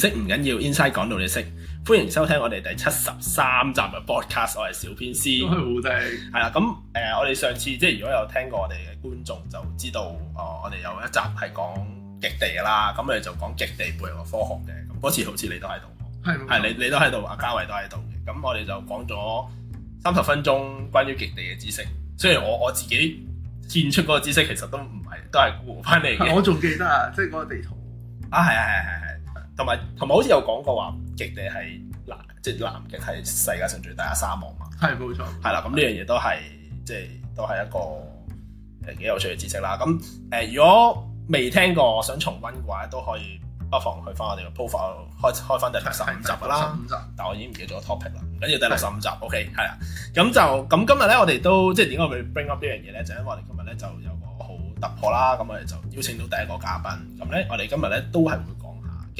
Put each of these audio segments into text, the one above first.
認識唔緊要，inside 講到你識。歡迎收聽我哋第七十三集嘅 podcast，我係小編師。都係好低。係啦、啊，咁誒、呃，我哋上次即係如果有聽過我哋嘅觀眾就知道，誒、呃，我哋有一集係講極地啦，咁我哋就講極地背後嘅科學嘅。嗰、那個、次好似你都喺度，係嗎，係你你都喺度，阿嘉偉都喺度嘅。咁嗎我哋就講咗三十分鐘關於極地嘅知識。雖然我我自己填出嗰個知識其實都唔係，都係估翻嚟嘅。我仲記得啊，即係嗰個地圖。啊， 係啊，係係係。同埋同埋，好似有講過話極地係南，即係南極係世界上最大嘅沙漠嘛。係冇錯。係啦，咁呢樣嘢都係即係都係一個誒幾有趣嘅知識啦。咁誒、呃，如果未聽過，想重温嘅話，都可以不妨去翻我哋嘅 profile，開開翻第六十五集啦。十五集，但我已經唔記得咗 topic 啦。唔緊要，第六十五集 OK 係啦。咁就咁今日咧，我哋都即係點解會 bring up 呢樣嘢咧？就因為我哋今日咧就有個好突破啦。咁我哋就邀請到第一個嘉賓。咁咧，我哋今日咧都係會，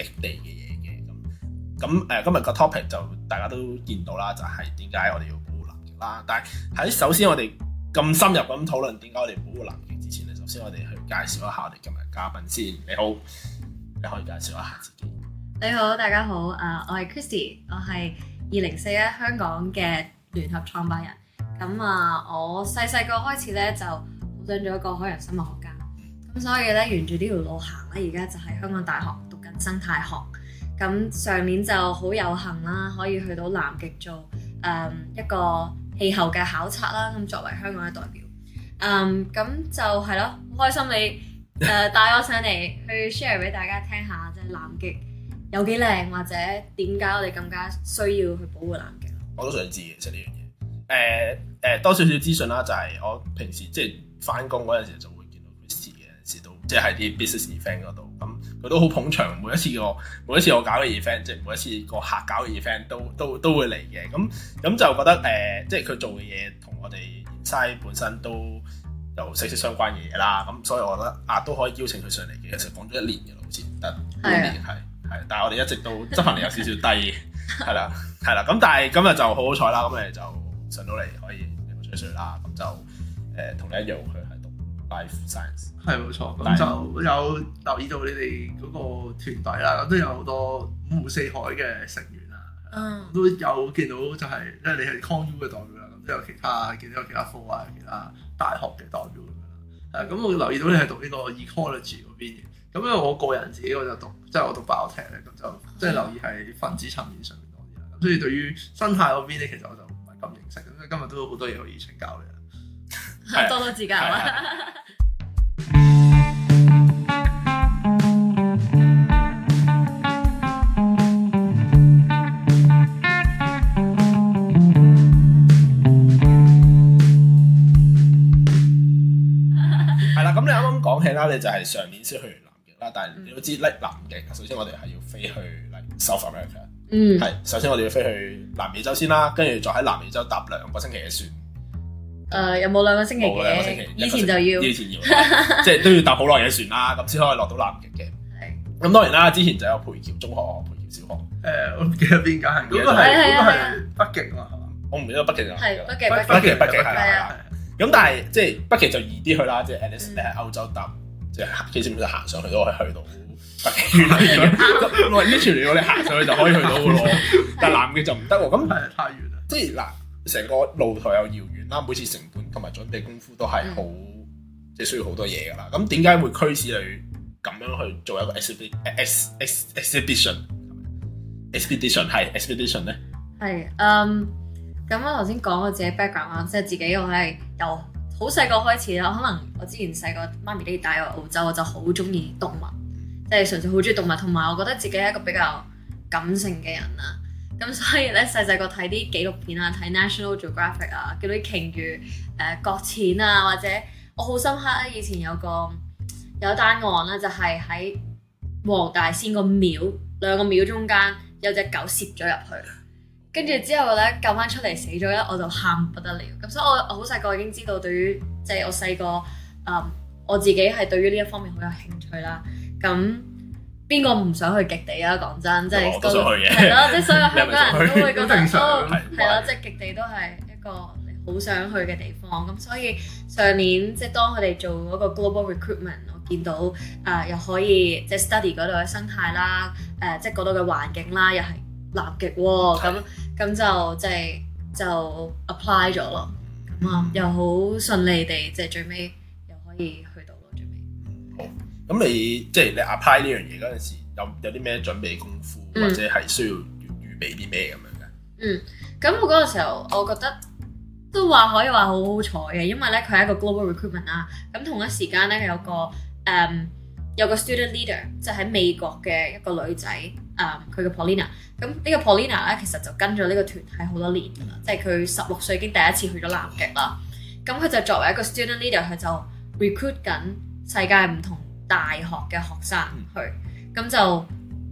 極地嘅嘢嘅咁咁誒，今日個 topic 就大家都見到啦，就係點解我哋要保護南極啦。但係喺首先，我哋咁深入咁討論點解我哋保護南極之前咧，首先我哋去介紹一下我哋今日嘉賓先。你好，你可以介紹一下自己？你好，大家好。誒，我係 Christie 我係二零四一香港嘅聯合創辦人。咁啊，我細細個開始咧就好想做一個海洋生物學家咁，所以咧沿住呢條路行咧，而家就係香港大學。生態學，咁上年就好有幸啦，可以去到南極做誒、嗯、一個氣候嘅考察啦。咁、嗯、作為香港嘅代表，嗯咁就係咯，好開心你誒、呃、帶我上嚟去 share 俾大家聽下，即、就、係、是、南極有幾靚，或者點解我哋更加需要去保護南極。我都想知其實呢樣嘢。誒、就、誒、是呃呃，多少少資訊啦，就係、是、我平時即係翻工嗰陣時就會見到佢哋試嘅，試到即係喺啲 business friend 嗰度。佢都好捧場，每一次個每一次我搞嘅 event，即係每一次個客搞嘅 event 都都都會嚟嘅。咁咁就覺得誒、呃，即係佢做嘅嘢同我哋 Inscie 本身都有息息相關嘅嘢啦。咁所以我覺得啊都可以邀請佢上嚟嘅。其實講咗一年嘅啦，好似得半年係係， 但係我哋一直都執行力有少少低，係啦係啦。咁但係今日就好好彩啦，咁咪 就上到嚟可以吹水啦。咁就誒同你一樣去。Life science 係冇錯，咁就有留意到你哋嗰個團隊啦，咁都有好多五湖四海嘅成員啦，嗯，uh, 都有見到就係即係你係 ConU 嘅代表啦，咁都有其他見到有其他科啊、有其他大學嘅代表咁樣啦。誒，咁我留意到你係讀呢個 ecology 嗰邊嘅，咁因為我個人自己我就讀即係、就是、我讀 biotech 咧，咁就即係留意係分子層面上面多啲啦。咁所以對於生態嗰邊咧，其實我就唔係咁認識，咁今日都有好多嘢可以請教你啦， 啊、多多指教啦、啊。 我哋就係上年先去完南極啦，但係你都知咧，南極首先我哋係要飛去 South America，首先我哋要飛去南美洲先啦，跟住再喺南美洲搭兩個星期嘅船。誒，有冇兩個星期？兩個星期，以前就要，以前要，即係都要搭好耐嘅船啦，咁先可以落到南極嘅。咁當然啦，之前就有培僑中學、培僑小學，誒我唔記得邊間係。嗰個係，嗰個係北極啊嘛，我唔記得北極，就係北極，北極係啊。咁但係即係北極就易啲去啦，即係 a 你喺歐洲搭。即係，即使唔得行上去，都可以去到百幾元。唔係呢條路你行上去就可以去到嘅咯。 但係男嘅就唔得喎。咁係太遠啦。即係嗱，成個路途又遙遠啦。每次成本同埋準備功夫都係好，即係 需要好多嘢㗎啦。咁點解會驅使你咁樣去做一個 exhibition？exhibition ex, ex 係 exhibition 咧 ex？係嗯，咁、um, 我頭先講我自己 background 啊，即、就、係、是、自己我係有。好細個開始啦，可能我之前細個媽咪都帶我澳洲，我就好中意動物，即、就、係、是、純粹好中意動物。同埋我覺得自己係一個比較感性嘅人啦，咁所以咧細細個睇啲紀錄片啊，睇 National Geographic 啊，見到啲鯨魚誒、呃、擱淺啊，或者我好深刻咧、啊，以前有個有個單案啦、啊，就係喺黃大仙個廟兩個廟中間有隻狗攝咗入去。跟住之後咧，救翻出嚟死咗咧，我就喊不得了。咁所以我我好細個已經知道，對於即係、就是、我細個，嗯，我自己係對於呢一方面好有興趣啦。咁邊個唔想去極地啊？講真，即係都係咯，即係所有香港人都會覺得，係咯，即係極地都係一個好想去嘅地方。咁所以上年即係、就是、當佢哋做嗰個 global recruitment，我見到啊、呃，又可以即係、就是、study 嗰度嘅生態啦，誒、呃，即係嗰度嘅環境啦，又係。立極喎、哦，咁咁的、嗯、就即係就 apply 咗咯，咁、嗯、啊又好順利地即係、就是、最尾又可以去到咯，最尾、嗯。好，咁你即係、就是、你 apply 呢樣嘢嗰陣時，有有啲咩準備功夫或者係需要預備啲咩咁樣嘅？嗯，咁我嗰個時候，我覺得都話可以話好好彩嘅，因為咧佢係一個 global recruitment 啊，咁、嗯、同一時間咧有、um, 有個誒有個 student leader，即係喺美國嘅一個女仔。佢嘅 Polina，咁呢個 Polina 咧其實就跟咗呢個團體好多年㗎啦，即係佢十六歲已經第一次去咗南極啦。咁、嗯、佢、嗯、就作為一個 student leader，佢就 recruit 緊世界唔同大學嘅學生去。咁、嗯嗯、就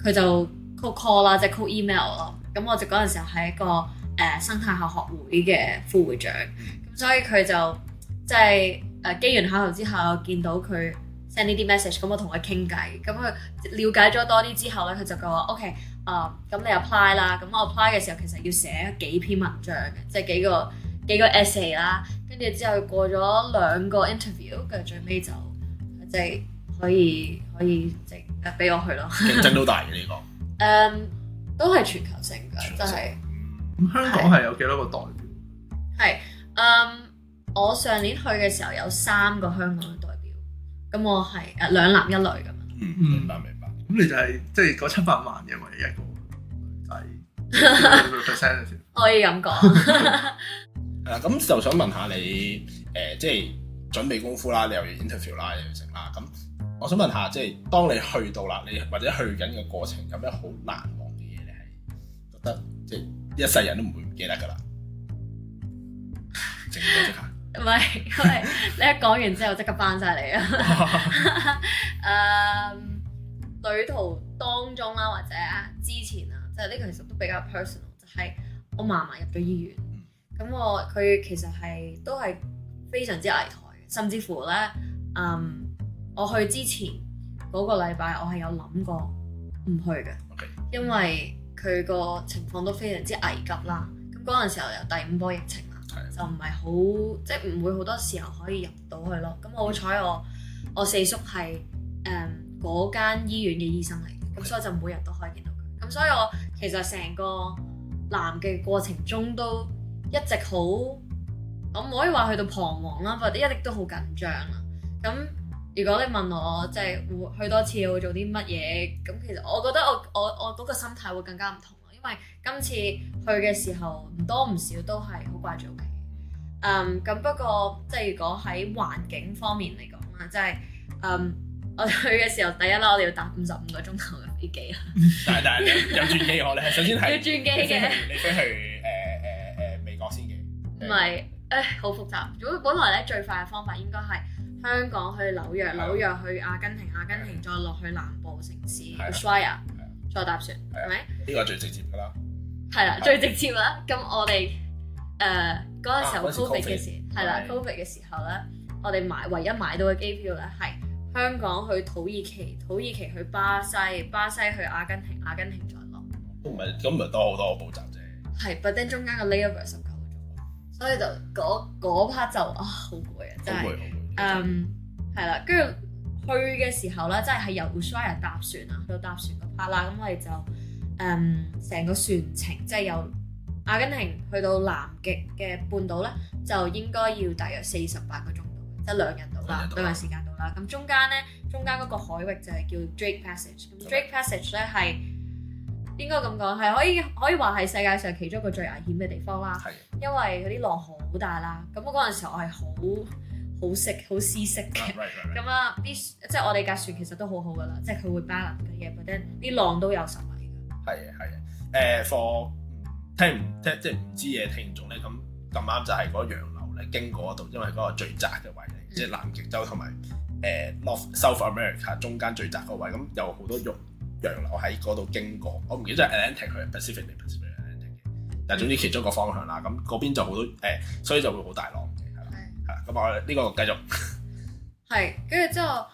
佢就 call call 啦，即係 call email 咯、嗯。咁我就嗰陣時候係一個誒、uh, 生態學學會嘅副會長，咁、嗯、所以佢就即係誒機緣巧合之下我見到佢。send 呢啲 message，咁我同佢傾偈，咁、嗯、佢了解咗多啲之後咧，佢就叫、okay, uh, 我 OK，啊，咁你 apply 啦，咁我 apply 嘅時候其實要寫幾篇文章嘅，即係幾個幾個 essay 啦，跟住之後過咗兩個 interview，跟住最尾就即係、就是、可以可以直，誒、就、俾、是啊、我去咯。競爭都大嘅呢、這個誒、um, 都係全球性嘅，性真係咁香港係有幾多個代表？係誒、um, 我上年去嘅時候有三個香港咁我係誒、啊、兩男一女咁、嗯，嗯，明白明白。咁你就係即係嗰七百萬嘅咪一,一個仔 p、就是、 可以咁講。誒 咁、啊、就想問下你誒，即、呃、係、就是、準備功夫啦，你又要 interview 啦，又要整啦。咁我想問下，即、就、係、是、當你去到啦，你或者去緊嘅過程，有咩好難忘嘅嘢？你係覺得即係、就是、一世人都唔會唔記得噶啦？靜一陣唔係，唔係，你一講完之後即刻翻晒嚟啊！誒，旅途當中啦、啊，或者啊之前啊，即係呢個其實都比較 personal，就係我嫲嫲入咗醫院，咁我佢其實係都係非常之危殆嘅，甚至乎咧，嗯，我去之前嗰、嗰個禮拜我，我係有諗過唔去嘅，因為佢個情況都非常之危急啦。咁嗰陣時候有第五波疫情。 就唔係好，即係唔會好多時候可以入到去咯。咁好彩我 我四叔係誒嗰間醫院嘅醫生嚟嘅，咁 所以就每日都可以見到佢。咁所以我其實成個男嘅過程中都一直好，我唔可以話去到彷徨啦，或者一直都好緊張啦。咁如果你問我即係會去多次會做啲乜嘢？咁其實我覺得我我我嗰個心態會更加唔同。今次去嘅時候唔多唔少都係好掛住屋企。咁、嗯、不過即係如果喺環境方面嚟講啊，即係嗯我去嘅時候第一啦，我哋要搭五十五個鐘頭嘅飛機啊， 但係但係有轉機哋你 首先睇。先要轉機嘅，你飛去誒誒、呃呃呃、美國先嘅，唔係誒好複雜，如果本來咧最快嘅方法應該係香港去紐約，紐約去阿根廷，阿根廷再落去南部城市。對再搭船，係咪？呢個係最直接噶啦，係啦的，的最直接啦。咁我哋誒嗰個時候 COVID 嘅時，係啦 COVID 嘅時候咧，我哋買唯一買到嘅機票咧，係香港去土耳其，土耳其去巴西，巴西去阿根廷，阿根廷再落。都唔係咁唔係多好多個補習啫。係，but then 中間嘅 layover 十九個鐘咁，所以就嗰嗰 part 就啊好攰啊，真係好攰好攰。嗯，係啦，跟住去嘅時候咧，真係係由 Ushuaia 搭船啊，到搭船。啦咁我哋就誒成、嗯、個船程，即係由阿根廷去到南極嘅半島咧，就應該要大約四十八個鐘度，即係兩日度啦，兩日時間到啦。咁中間咧，中間嗰個海域就係叫 Drake Passage Pass。Drake Passage 咧係應該咁講係可以可以話係世界上其中一個最危險嘅地方啦，的因為嗰啲浪好大啦。咁嗰陣時我係好。好識好識識嘅咁啊！啲、right, right , right. 即係我哋架船其實都好好噶啦，即係佢會巴 a 嘅嘢，但係啲浪都有十米。係啊係啊，誒、呃、for 聽唔聽即係唔知嘢聽眾咧，咁咁啱就係嗰洋流咧經過嗰度，因為嗰個最窄嘅位嚟。即、就、係、是、南極洲同埋誒 North South America 中間最窄嗰位，咁有好多洋洋流喺嗰度經過。我唔記得係 Atlantic 係 Pacific Pacific Atlantic 嘅，但係總之其中一個方向啦，咁嗰邊就好多誒、呃，所以就會好大浪。咁啊，呢個繼續係跟住之後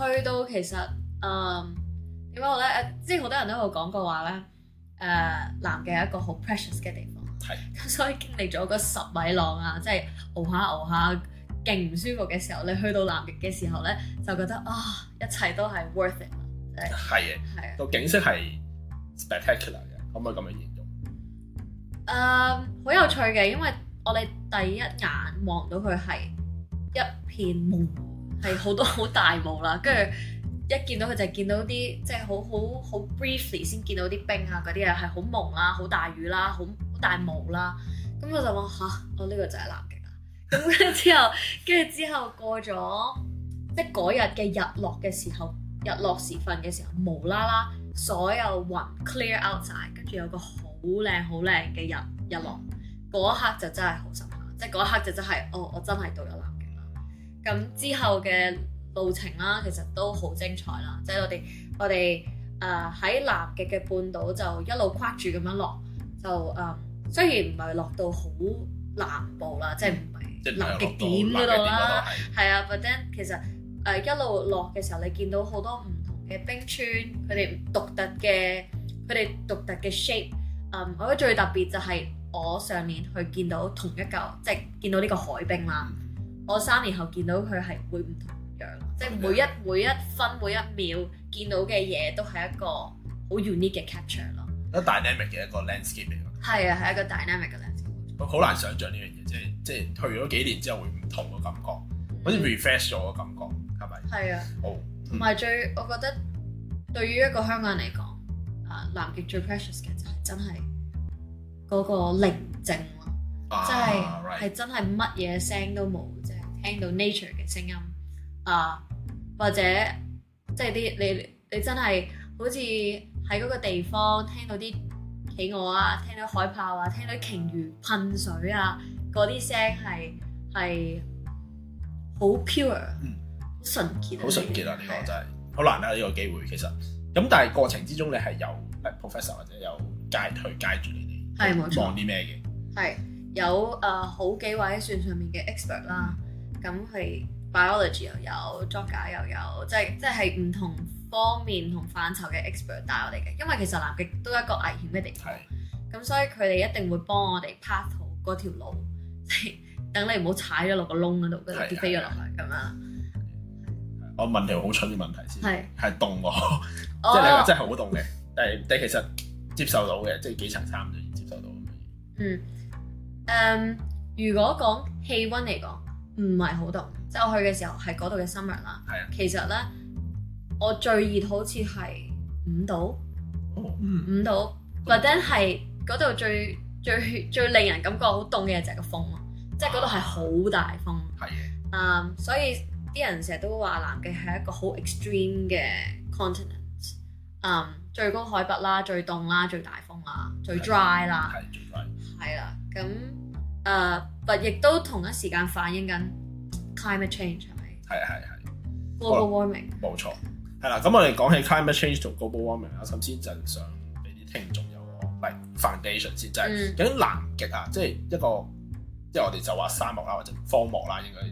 去到其實嗯點講咧？誒，即係好多人都喺度講過話咧，誒，南極係一個好 precious 嘅地方。係。咁所以經歷咗個十米浪啊，即係熬下熬下勁唔舒服嘅時候，你去到南極嘅時候咧，就覺得啊，一切都係 worth it 啦。係啊。個景色係 spectacular 嘅，可唔可以咁樣形容？誒，好有趣嘅，因為。我哋第一眼望到佢係一片霧，係好多好大霧啦，跟住一見到佢就見到啲即係好好好 briefly 先見到啲冰啊嗰啲啊，係好朦啦，好大雨啦，好好大霧啦，咁我就話吓、啊，我呢個就係南極啦。咁 之後，跟住之後過咗即係嗰日嘅日落嘅時候，日落時分嘅時候，無啦啦所有雲 clear out 曬，跟住有個好靚好靚嘅日日落。嗰一刻就真係好深刻，即係嗰一刻就真係，哦，我真係到咗南極啦！咁之後嘅路程啦，其實都好精彩啦，即係我哋我哋誒喺南極嘅半島就一路跨住咁樣落，就誒雖然唔係落到好南部啦，即係唔係南極點嗰度啦，係啊，but then 其實誒一路落嘅時候，你見到好多唔同嘅冰川，佢哋獨特嘅佢哋獨特嘅 shape，嗯，我覺得最特別就係。我上年去見到同一嚿，即係見到呢個海冰啦。我三年後見到佢係會唔同樣，即係每一每一分每一秒見到嘅嘢都係一個好 unique 嘅 capture 咯。一 dynamic 嘅一個 landscape 嚟㗎。係啊，係一個 dynamic 嘅 landscape。我好難想象呢樣嘢，即係即係去咗幾年之後會唔同嘅感覺，好似 refresh 咗嘅感覺係咪？係啊。好、oh。同埋最我覺得對於一個香港人嚟講，啊南極最 precious 嘅就係真係。嗰個寧靜咯，即係係真係乜嘢聲都冇，即係聽到 nature 嘅聲音啊，或者即係啲你你，你真係好似喺嗰個地方聽到啲企鵝啊，聽到海豹啊，聽到鯨魚噴水啊，嗰啲聲係係好 pure，嗯，純潔，好純潔啊！呢個真係好難啦、啊！呢、呢個機會其實咁，但係過程之中你係有 professor 或者有 guide 去 guide 住你。係冇錯。講啲咩嘅？係有誒好幾位船上面嘅 expert 啦，咁係 biology 又有作假又有，即係即係唔同方面同範疇嘅 expert 帶我哋嘅。因為其實南極都係一個危險嘅地方，咁所以佢哋一定會幫我哋 pass 好嗰條路，即係等你唔好踩咗落個窿嗰度，跟住飛咗落嚟咁樣。我問條好蠢嘅問題先，係係凍喎，即係你話真係好凍嘅，但係但係其實。接受到嘅，即係幾層衫就已經接受到咁嘅嘢。嗯，誒、呃，如果講氣温嚟講，唔係好凍。即係我去嘅時候係嗰度嘅 summer 啦。係啊。其實咧，我最熱好似係五度。哦嗯、五度，或者係嗰度最最最，最令人感覺好凍嘅就係個風咯。即係嗰度係好大風。係。誒，所以啲人成日都話南極係一個好 extreme 嘅 continent。嗯，um, 最高海拔啦，最凍啦，最大風啦，最 dry 啦，係最 dry，係啦，咁誒，亦 d、uh, 都同一時間反映緊 climate change 係咪？係係係。global warming。冇錯，係啦，咁我哋講起 climate change 同 global warming，我首先就想俾啲聽眾有個嚟 foundation 先，即係究竟南極啊，即係一個，即係我哋就話沙漠啦，或者荒漠啦，應該誒、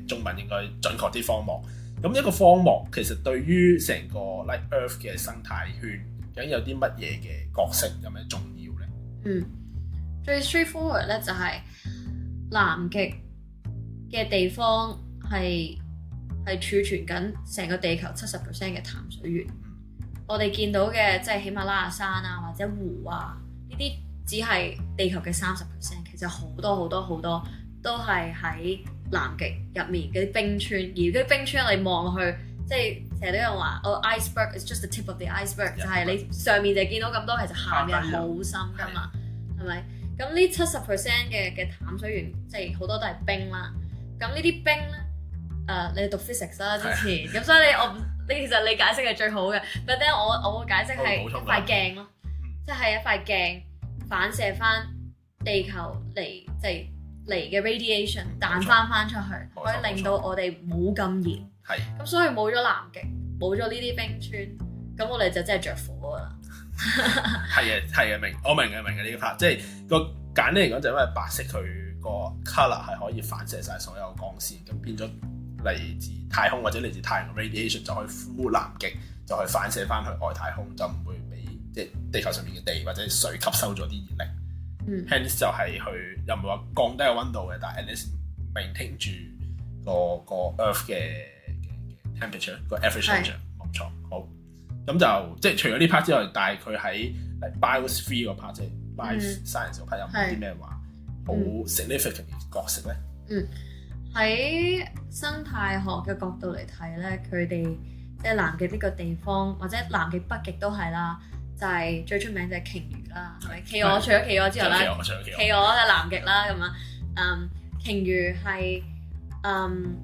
嗯、中文應該準確啲荒漠。咁一個荒漠其實對於成個 Like Earth 嘅生態圈，究竟有啲乜嘢嘅角色有咩重要咧？嗯，最 straightforward 咧就係南極嘅地方係係儲存緊成個地球七十 percent 嘅淡水源。我哋見到嘅即係喜馬拉雅山啊，或者湖啊，呢啲只係地球嘅三十 percent，其實好多好多好多都係喺南極入面嗰啲冰川，而啲冰川你望落去，即係成日都有話，我、oh, iceberg is just the tip of the iceberg，文就係你上面就見到咁多，其實下面好深噶嘛，係咪文？咁呢七十 percent 嘅嘅淡水源，即係好多都係冰啦。咁呢啲冰咧，誒、呃，你讀 physics 啦，之前咁，所以你我你其實你解釋係最好嘅，but then 我我嘅解釋係一塊鏡咯，即係一塊鏡反射翻地球嚟，即、就、係、是。就是嚟嘅 radiation 彈翻翻出去，錯可以令到我哋冇咁熱，係錯，咁所以冇咗南極，冇咗呢啲冰川，咁我哋就真係着火㗎啦。係啊， 係啊，明，我明嘅，明嘅呢一 part，即係個簡單嚟講，就是、因為白色佢個 color 係可以反射晒所有光線，咁變咗嚟自太空或者嚟自太陽 radiation 就可以呼南極，就去反射翻去外太空，就唔會俾即係地球上面嘅地或者水吸收咗啲熱力。Hence 就係佢又唔會話降低個溫度嘅，但係 at least maintain 住個 Earth 嘅 Temperature，個 Average 冇錯。好，咁就即係除咗呢 part 之外，但係佢喺 Biosphere 嗰 part，即係 Biosign 嗰 part，有冇啲咩話好 significant 嘅角色呢？喺生態學嘅角度嚟睇呢，佢哋即係南極呢個地方，或者南極北極都係喇。就係最出名就係鯨魚啦，係咪？企鵝對除咗企鵝之外咧，企鵝就南極啦咁樣。嗯，鯨魚係嗯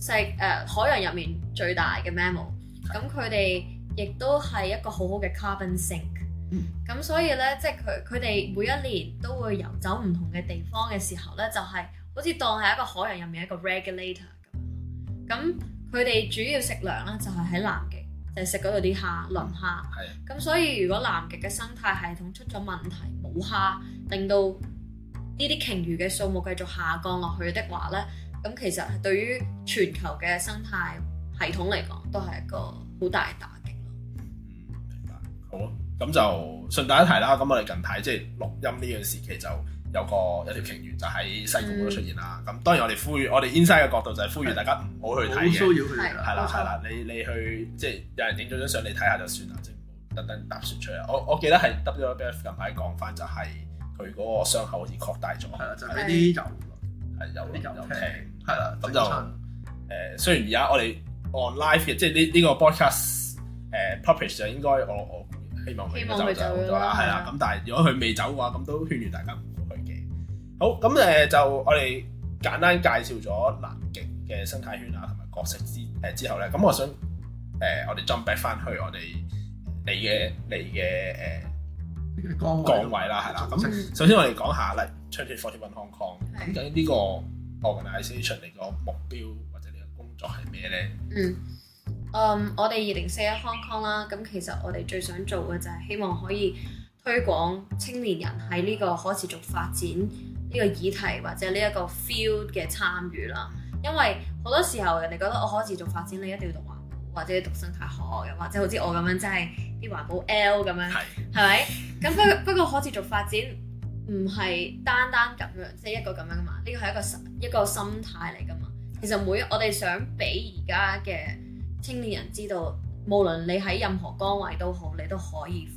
食誒、呃、海洋入面最大嘅 mammal，咁佢哋亦都係一個好好嘅 carbon sink 對。嗯。咁所以咧，即係佢佢哋每一年都會游走唔同嘅地方嘅時候咧，就係、是、好似當係一個海洋入面一個 regulator 咁樣咯。咁佢哋主要食糧咧就係喺南極，就食嗰度啲蝦，磷蝦，咁的所以如果南極嘅生態系統出咗問題，冇蝦，令到呢啲鯨魚嘅數目繼續下降落去的話咧，咁其實對於全球嘅生態系統嚟講，都係一個好大嘅打擊。嗯，明白，好啊，咁就順帶一提啦，咁我哋近排即係錄音呢樣時期就。有個一條鯨魚就喺西貢度出現啦。咁當然我哋呼籲，我哋 Inscie 嘅角度就係呼籲大家唔好去睇嘅，騷擾佢，係啦係啦。你你去即係有人影咗張相你睇下就算啦，即係等等搭船出嚟。我我記得係 WBF 近排講翻就係佢嗰個傷口好似擴大咗，係啦，就係啲油，係啲油膩，係啦。咁就誒，雖然而家我哋 on live 嘅，即係呢呢個 broadcast 誒 publish 就應該我我，我希望佢就走咗啦，係啦。咁但係如果佢未走嘅話，咁都勸住大家。好咁誒，就我哋簡單介紹咗南極嘅生態圈啊，同埋角色之誒之後咧，咁我想誒、呃、我哋 jump back 翻去我哋你嘅你嘅誒崗位啦，係、嗯、啦。咁、嗯嗯、首先我哋講下咧，Change for the World Hong Kong 咁呢個 organisation 你個目標或者你個工作係咩咧？嗯嗯，嗯我哋二零四一 Hong Kong 啦，咁其實我哋最想做嘅就係希望可以推廣青年人喺呢個可持續發展。嗯嗯呢個議題或者呢一個 field 嘅參與啦，因為好多時候人哋覺得我可持續發展，你一定要讀環保或者讀生態學嘅，或者好似我咁樣，真係啲環保 L 咁樣，係咪係？咁不不過可持續發展唔係單單咁樣，即係一個咁樣噶嘛，呢個係一個心一個心態嚟噶嘛。其實每我哋想俾而家嘅青年人知道，無論你喺任何崗位都好，你都可以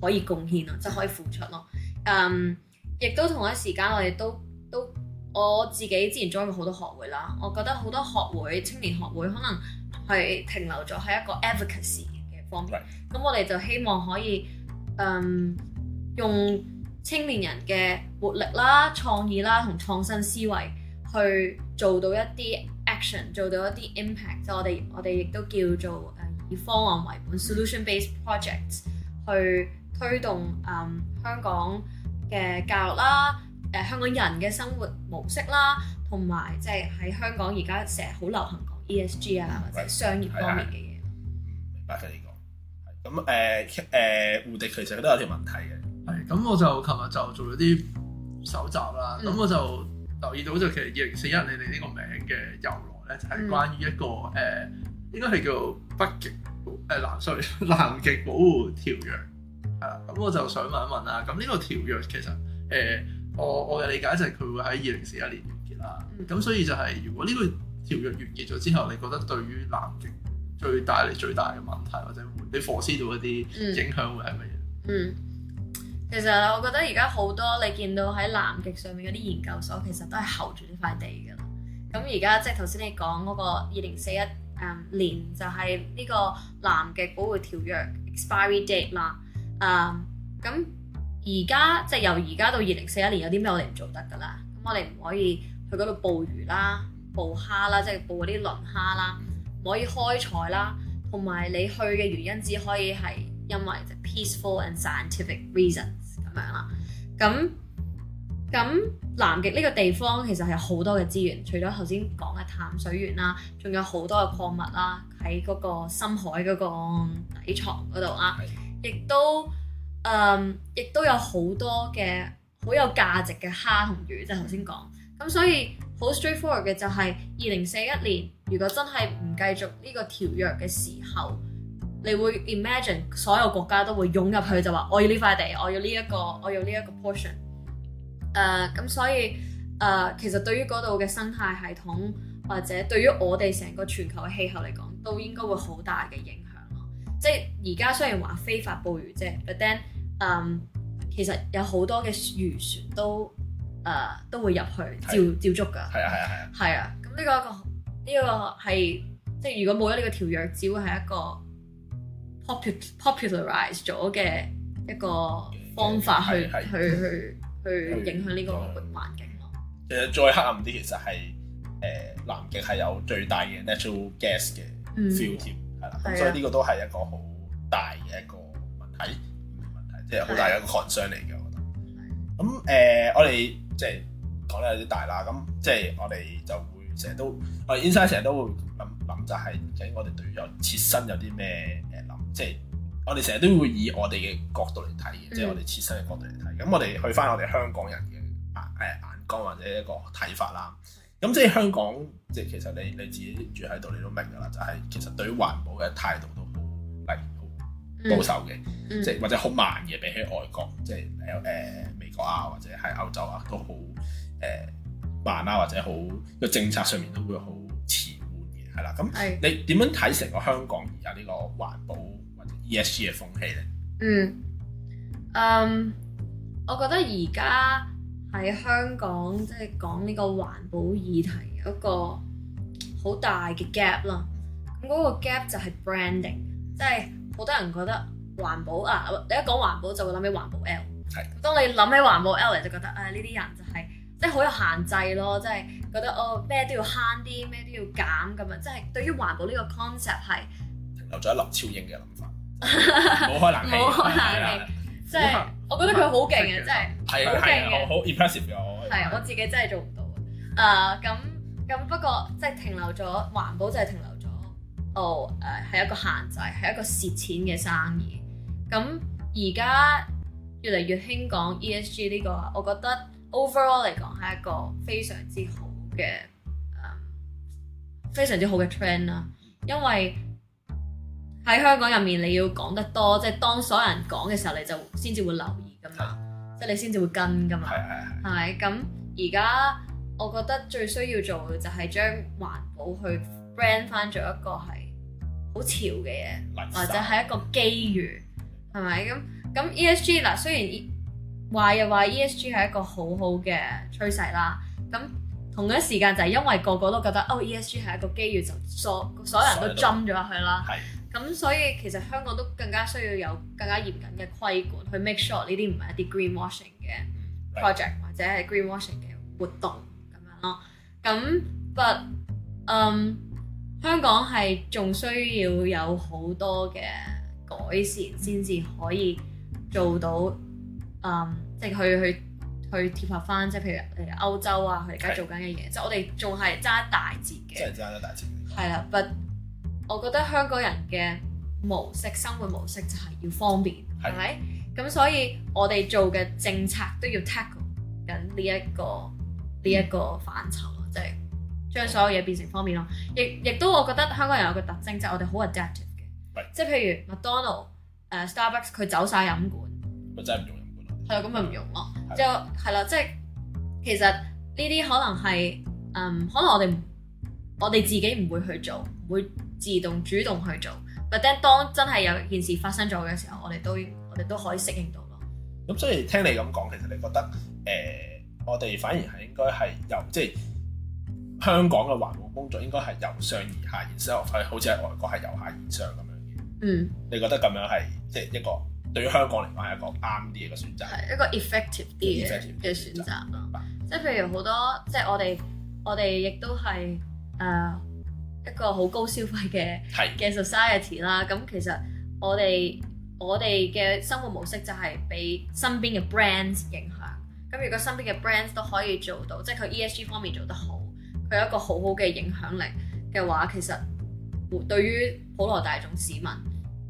可以貢獻咯，即係可以付出咯，嗯。亦都同一時間，我哋都都我自己之前 join 過好多學會啦。我覺得好多學會青年學會可能係停留咗喺一個 advocacy 嘅方面。咁 Right. 我哋就希望可以嗯用青年人嘅活力啦、創意啦同創新思維去做到一啲 action，做到一啲 impact。就我哋我哋亦都叫做誒以方案為本 （solution-based projects） 去推動嗯香港嘅教育啦，誒、呃、香港人嘅生活模式啦，同埋即係喺香港而家成日好流行 ESG 啊，嗯、或者商業方面嘅嘢、嗯。嗯，明白嘅呢個。咁誒，誒、呃呃，胡迪其實都有條問題嘅。係咁，我就琴日就做咗啲搜集啦。咁、嗯、我就留意到就其實二零四一你哋呢個名嘅由來咧，就係、是、關於一個誒、嗯呃、應該係叫北極誒、呃、南水南極保護條約。啊，咁我就想問一問啦。咁呢個條約其實，誒、欸，我我嘅理解就係佢會喺二零四一年完結啦。咁、嗯、所以就係，如果呢個條約完結咗之後，你覺得對於南極最大嚟最大嘅問題或者會你貨思到一啲影響會係乜嘢？嗯，其實我覺得而家好多你見到喺南極上面嗰啲研究所，其實都係候住呢塊地㗎啦。咁而家即係頭先你講嗰個二零四一誒年，就係呢個南極保護條約 expiry date 啦。啊，咁而家即係由而家到二零四一年有啲咩我哋唔做得噶啦？咁我哋唔可以去嗰度捕魚啦、捕蝦啦，即係捕嗰啲磷蝦啦，唔可以開採啦。同埋你去嘅原因只可以係因為就係 peaceful and scientific reasons 咁樣啦。咁咁南極呢個地方其實係好多嘅資源，除咗頭先講嘅淡水源啦，仲有好多嘅礦物啦，喺嗰個深海嗰個底床嗰度啊。亦都，誒亦都有好多嘅好有價值嘅蝦同魚，即係頭先講，咁所以好 straightforward 嘅就係二零四一年，如果真係唔繼續呢個條約嘅時候，你會 imagine 所有國家都會湧入去就話我要呢塊地，我要呢一個我要呢一個 portion。誒，咁所以誒、uh, 其實對於度嘅生態系統或者對於我哋成個全球嘅氣候嚟講都應該會好大嘅影響。即係而家雖然話非法捕魚啫，but then，嗯，其實有好多嘅漁船都，誒、呃、都會入去照照捉㗎。係啊係啊係啊。係啊，咁呢個個呢個係即係如果冇咗呢個條約只會係一個 popular popularize 咗嘅一個方法去去去去影響呢個環境咯。其實再黑暗啲，其實係誒南極係有最大嘅 natural gas 嘅 f 咁所以呢個都係一個好大嘅一個問題，啊、問題即係好大嘅一個 concern 嚟嘅。我覺得咁誒，我哋即係講得有啲大啦。咁即係我哋就會成日都，我 Inscie 成日都會諗諗，就係究竟我哋對於有切身有啲咩誒諗？即係我哋成日都會以我哋嘅角度嚟睇嘅，即係、嗯、我哋切身嘅角度嚟睇。咁我哋去翻我哋香港人嘅眼誒眼光或者一個睇法啦。咁即係香港，即係其實你你自己住喺度，你都明噶啦，就係、是、其實對於環保嘅態度都好嚟好保守嘅，嗯、即係或者好慢嘅，比起外國，即係有美國啊，或者喺歐洲啊，都好誒、呃、慢啦、啊，或者好個政策上面都會好遲緩嘅，係啦。咁你點樣睇成個香港而家呢個環保或者 ESG 嘅風氣咧？嗯，誒、um,，我覺得而家。喺香港即係講呢個環保議題嗰個好大嘅 gap 啦。咁嗰個 gap 就係 branding，即係好多人覺得環保啊，你一講環保就會諗起環保 L 是。係。當你諗起環保 L 嚟，就覺得啊呢啲人就係、是、即係好有限制咯，即係覺得哦咩都要慳啲，咩都要減咁樣，即係對於環保呢個 concept 係停留咗一林超英嘅諗法。唔好 開冷氣，唔好開冷氣。即係行我覺得佢好勁嘅，即係。係，係啊，好 impressive 嘅。係，我自己真係做唔到啊。咁、uh, 咁不過即係、就是、停留咗環保，就係停留咗。哦，誒，係一個限制，係一個蝕錢嘅生意。咁而家越嚟越興講 ESG 呢、這個，我覺得 overall 嚟講係一個非常之好嘅，uh, 非常之好嘅 trend 啦。因為喺香港入面，你要講得多，即、就、係、是、當所有人講嘅時候，你就先至會留意噶嘛。即係你先至會跟㗎嘛，係咪是？咁而家我覺得最需要做嘅就係將環保去 brand 翻做一個係好潮嘅嘢，生或者係一個機遇，係咪？咁咁 ESG 嗱，雖然話又話 ESG 係一個好好嘅趨勢啦，咁同一啲時間就係因為個個都覺得哦 ESG 係一個機遇，就所所有人都 join 咗入去啦。咁、嗯、所以其實香港都更加需要有更加嚴謹嘅規管，去 make sure 呢啲唔係一啲 greenwashing 嘅 project Right. 或者係 greenwashing 嘅活動咁樣咯。咁 but 嗯、um，香港係仲需要有好多嘅改善，先至可以做到嗯、um，即係去去去貼合返，即係譬如誒歐洲啊佢而家做緊嘅嘢，Right. 即係我哋仲係揸大節嘅，即係揸一大節，係啦，but, 我覺得香港人嘅模式、生活模式就係要方便，係咪的？咁、right? 所以我哋做嘅政策都要 tackle 緊呢一個呢一、呢一個範疇啊，即係將所有嘢變成方便咯。亦亦都我覺得香港人有個特徵，即、就、係、是、我哋好 adaptive 嘅，即係的譬如麥當勞、誒、呃、Starbucks 佢走晒飲管，咪真係唔用飲管咯。係啊，咁咪唔用咯的。就係、是、啦，即係其實呢啲可能係嗯，可能我哋我哋自己唔會去做，唔會。自動主動去做，或者當真係有件事發生咗嘅時候，我哋都我哋都可以適應到咯。咁所以聽你咁講，其實你覺得誒、呃，我哋反而係應該係由即係、就是、香港嘅環保工作應該係由上而下，然之後係好似係外國係由下而上咁樣嘅。嗯，你覺得咁樣係即係一個對於香港嚟講係一個啱啲嘅選擇，係一個 effective 啲嘅嘅選擇咯、嗯。即係譬如好多即係我哋我哋亦都係誒。呃一個好高消費嘅嘅 society 啦，咁係其實我哋我哋嘅生活模式就係俾身邊嘅 brands 影響。咁如果身邊嘅 brands 都可以做到，即係佢 ESG 方面做得好，佢有一個好好嘅影響力嘅話，其實對於普羅大眾市民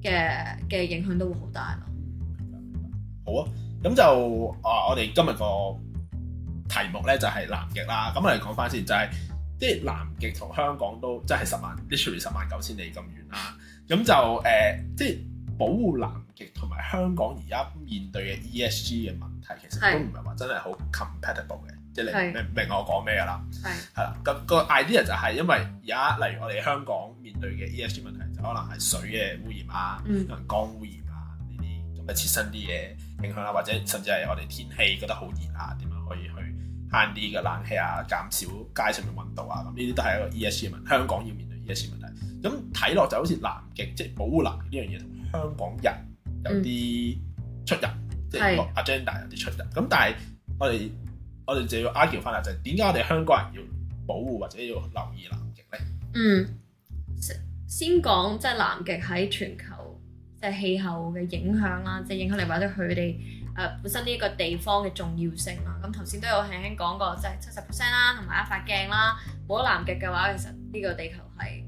嘅嘅影響都會好大咯。好啊，咁就啊，我哋今日個題目呢就係南極啦。咁我哋講翻先講，就係、是。即係南極同香港都即係十萬，literally 十萬九千里咁遠啦。咁 就誒、呃，即係保護南極同埋香港而家面對嘅 ESG 嘅問題，其實都唔係話真係好 compatible 嘅。是即係你明唔明我講咩㗎啦？係啦是，咁、那個 idea 就係因為而家例如我哋香港面對嘅 ESG 問題，就可能係水嘅污染啊，嗯、可能光污染啊呢啲咁嘅切身啲嘢影響啦、啊，或者甚至係我哋天氣覺得好熱啊，點樣可以去慳啲嘅冷氣啊，減少街上面溫度啊，咁呢啲都係一個 E S G 問，香港要面對 E S G 問題。咁睇落就好似南極，即係保護南極呢樣嘢，同香港人有啲出入，嗯、即係 agenda 有啲出入。咁但係我哋我哋就要 argue 翻啦，就係點解我哋香港人要保護或者要留意南極咧？嗯，先先講即係南極喺全球即係氣候嘅影響啦，即係影響你或者佢哋。誒、呃、本身呢一個地方嘅重要性啦，咁頭先都有輕輕講過，即係七十 percent 啦，同埋一塊鏡啦，冇咗南極嘅話，其實呢個地球係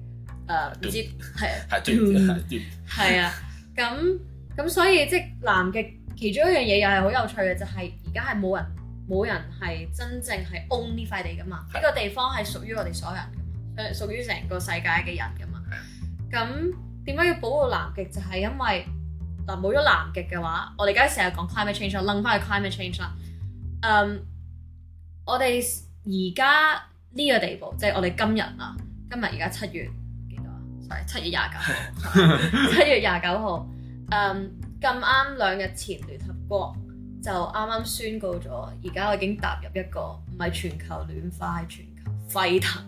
誒唔知係係啊係啊係啊！咁咁所以即係南極其中一樣嘢又係好有趣嘅，就係而家係冇人冇人係真正係 own 呢塊地噶嘛，呢是、啊、個地方係屬於我哋所有人嘅，誒屬於成個世界嘅人噶嘛。咁點解要保護南極？就係、是、因為嗱冇咗南極嘅話，我哋而家成日講 climate change，um, 我楞翻去 climate change 啦。誒，我哋而家呢個地步，即係我哋今日啊，今日而家七月幾多啊？Sorry，七月廿九號，七月廿九號。誒，咁啱兩日前聯合國就啱啱宣告咗，而家我已經踏入一個唔係全球暖化，係全球沸騰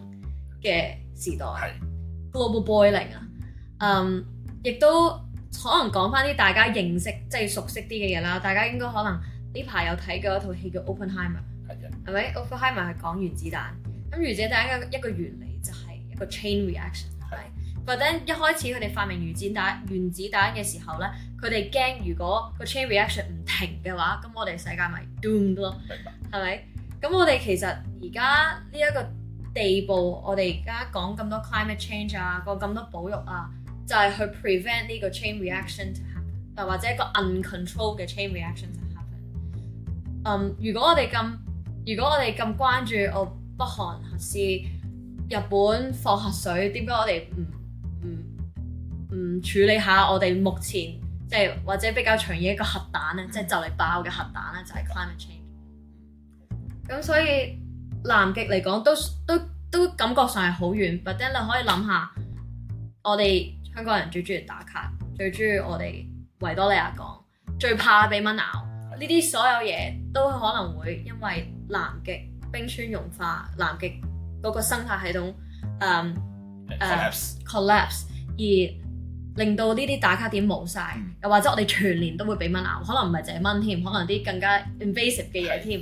嘅時代 ，Global boiling 啊。誒，亦都。可能講翻啲大家認識即係、就是、熟悉啲嘅嘢啦，大家應該可能呢排有睇過一套戲叫《Oppenheimer》，係咪？《Oppenheimer》係講原子彈，咁原子彈嘅一個原理就係一個 chain reaction，係。或者的一開始佢哋發明原子彈，原子彈嘅時候呢，佢哋驚如果個 chain reaction 唔停嘅話，咁我哋世界咪 doomed 咯，係咪？咁的我哋其實而家呢一個地步，我哋而家講咁多 climate change 啊，講咁多保育啊。就係去 prevent 呢個 chain reaction to happen，或或者一個 uncontrolled 嘅 chain reaction to happen、um。嗯，如果我哋咁，如果我哋咁關注我北韓核試、日本放核水，點解我哋唔唔唔處理下我哋目前即係、就是、或者比較長遠一個核彈咧？即係就嚟、是、爆嘅核彈咧，就係、是、climate change。咁所以南極嚟講都都都感覺上係好遠，but then 你可以諗下我哋。香港人最中意打卡，最中意我哋維多利亞港，最怕俾蚊咬。呢啲的所有嘢都可能會因為南極冰川融化，南極嗰個生態系統誒誒 collapse 而令到呢啲打卡點冇晒。嗯、又或者我哋全年都會俾蚊咬，可能唔係淨係蚊添，可能啲更加 invasive 嘅嘢添，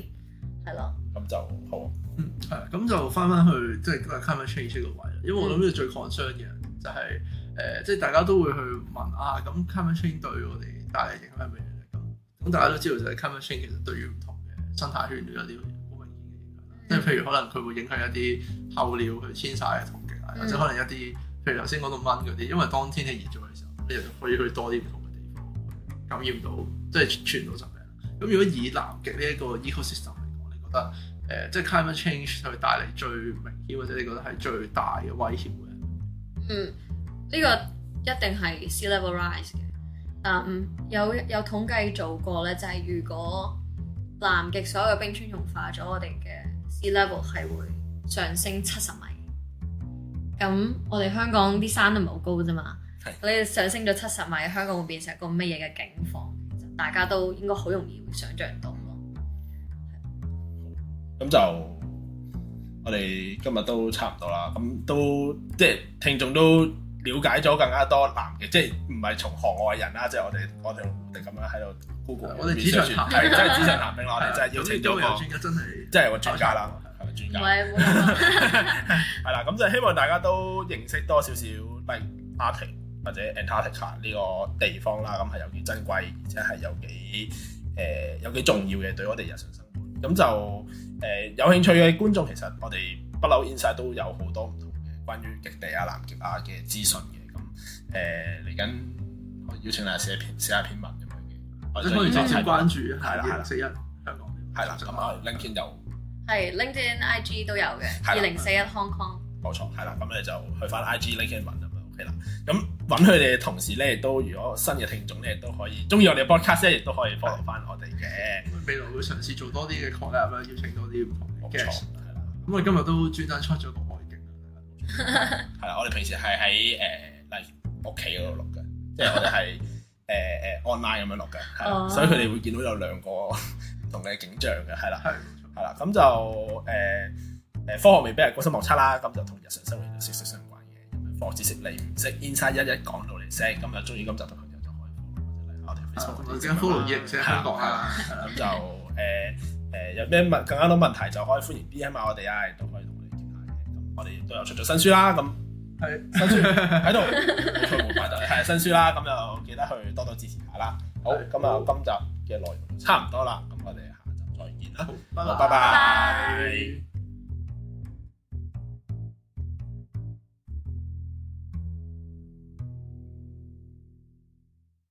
係咯的。咁的就好。嗯，係。咁就翻翻去即係 climate change 個位，因為我諗最 concern 嘅就係、是。誒、呃，即係大家都會去問啊，咁 climate change 對我哋帶嚟影響係咩嘢嚟㗎？咁大家都知道就係 climate change 其實對於唔同嘅生態圈都有啲好明顯嘅影響。即係譬如可能佢會影響一啲候鳥去遷徙嘅途徑啊，或者可能一啲譬如頭先講到蚊嗰啲，因為當天氣熱咗嘅時候，你可以去多啲唔同嘅地方感染到，即係傳到疾病。咁、嗯、如果以南極呢一個 ecosystem 嚟講，你覺得誒、呃，即係 climate change 佢帶嚟最明顯或者你覺得係最大嘅威脅嘅？嗯。呢個一定係 sea level rise 嘅，啊嗯，有有統計做過呢，就係、是、如果南極所有嘅冰川融化咗，我哋嘅 sea level 係會上升七十米。咁我哋香港啲山都唔係好高啫嘛，你是上升咗七十米，香港會變成一個乜嘢嘅境況？大家都應該好容易會想像到咯。咁就我哋今日都差唔多啦，咁都即係聽眾都。了解咗更加多南極嘅，即係唔係從行外人啦，即係我哋我哋咁樣喺度 Google。我哋紙上談真係紙上談兵咯，我哋寫真係邀請咗，即係 個專家啦，係咪成專家？唔係是、啊，係 啦， 咁就希望大家都認識多少少，例如 Arctic 或者 Antarctica 呢個地方啦。咁係有幾珍貴，而且係有幾誒有幾重要嘅對我哋日常生活。咁就誒有興趣嘅觀眾，其實我哋不嬲 Inscie 都有好多關於極地啊、南極啊嘅資訊嘅。咁誒嚟緊，我邀請你寫篇寫下篇文咁樣嘅。你可以多啲關注啊，係啦係啦，四一香港，係啦。咁啊，LinkedIn 有，係 LinkedIn、IG 都有嘅，二零四一 Hong Kong。冇錯，係啦。咁你就去翻 IG LinkedIn 文，咁樣 OK 啦。咁揾佢哋嘅同時咧，亦都如果新嘅聽眾咧，亦都可以中意我哋嘅 Podcast 咧，亦都可以 follow 翻我哋嘅，未來會嘗試做多啲嘅 collab 咁樣邀請多啲唔同嘅 guest，冇錯，係啦。咁我今日都專登出咗係啦，我哋平時係喺誒，例如屋企嗰度錄嘅，即係我哋係誒誒 online 咁樣錄嘅，係所以佢哋會見到有兩個唔同嘅景象嘅，係啦，係啦，咁就誒誒，科學未必人高深莫測啦，咁就同日常生活息息相關嘅，因為科學知識你唔識 Inscie 一一講到你識，咁就中意今集嘅朋友就開火，我哋 Facebook、Instagram follow me，即係下落下，咁就誒誒，有咩問更加多問題就可以歡迎 B 起埋我哋啊，嚟到開。我哋都有出咗新書啦，咁係是新書喺度，好快 就係、是、新書啦，咁就記得去多多支持下啦。好，咁啊是今集嘅內容差唔多啦，咁、哦、我哋下集再見啦，好好拜拜。拜拜拜拜。